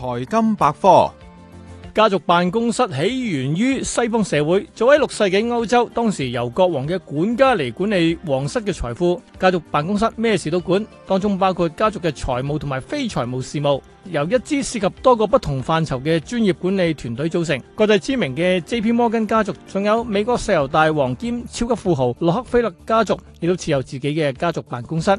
財金百科，家族辦公室起源於西方社會，早喺六世紀歐洲，當時由國王嘅管家嚟管理皇室嘅財富。家族辦公室咩事都管，當中包括家族嘅財務同埋非財務事務，由一支涉及多個不同範疇嘅專業管理團隊組成。國際知名嘅 JP Morgan 家族，仲有美國石油大王兼超級富豪洛克菲勒家族，亦都持有自己嘅家族辦公室。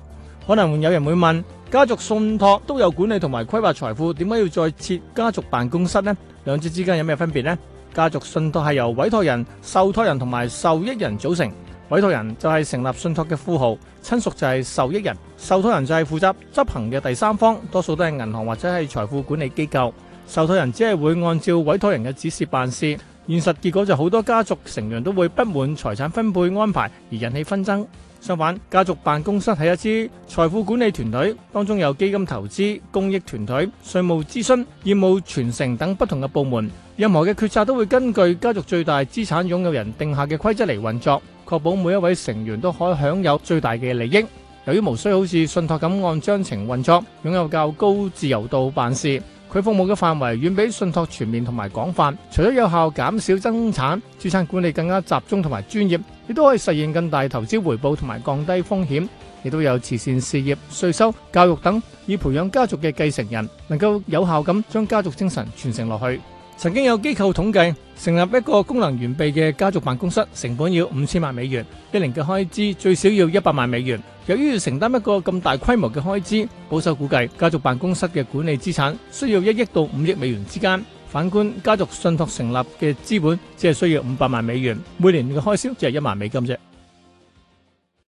可能有人會問。家族信託都有管理同埋規劃財富，點解要再設家族辦公室呢？兩者之間有咩分別呢？家族信託係由委託人、受託人同埋受益人組成，委託人就係成立信託嘅富豪，親屬就係受益人，受託人就係負責執行嘅第三方，多數都係銀行或者係財富管理機構，受託人只係會按照委託人嘅指示辦事。現實結果，就好多家族成員都會不滿財產分配安排而引起紛爭。相反，家族辦公室係一支財富管理團隊，當中有基金投資、公益團隊、稅務諮詢、業務傳承等不同嘅部門。任何嘅決策都會根據家族最大資產擁有人定下嘅規則嚟運作，確保每一位成員都可以享有最大嘅利益。由於無需好似信託咁按章程運作，擁有較高自由度辦事。佢服務嘅範圍遠比信託全面同埋廣泛，除咗有效減少爭產，資產管理更加集中同埋專業，亦都可以實現更大投資回報同埋降低風險，亦都有慈善事業、稅收、教育等，以培養家族嘅繼承人，能夠有效咁將家族精神傳承落去。曾經有機構統計，成立一個功能完備嘅家族辦公室成本要五千萬美元，一年嘅開支最少要一百萬美元。由於要承擔一個咁大規模嘅開支，保守估計家族辦公室嘅管理資產需要一億到五億美元之間。反觀家族信託成立嘅資本，只係需要五百萬美元，每年嘅開銷只係一萬美金啫。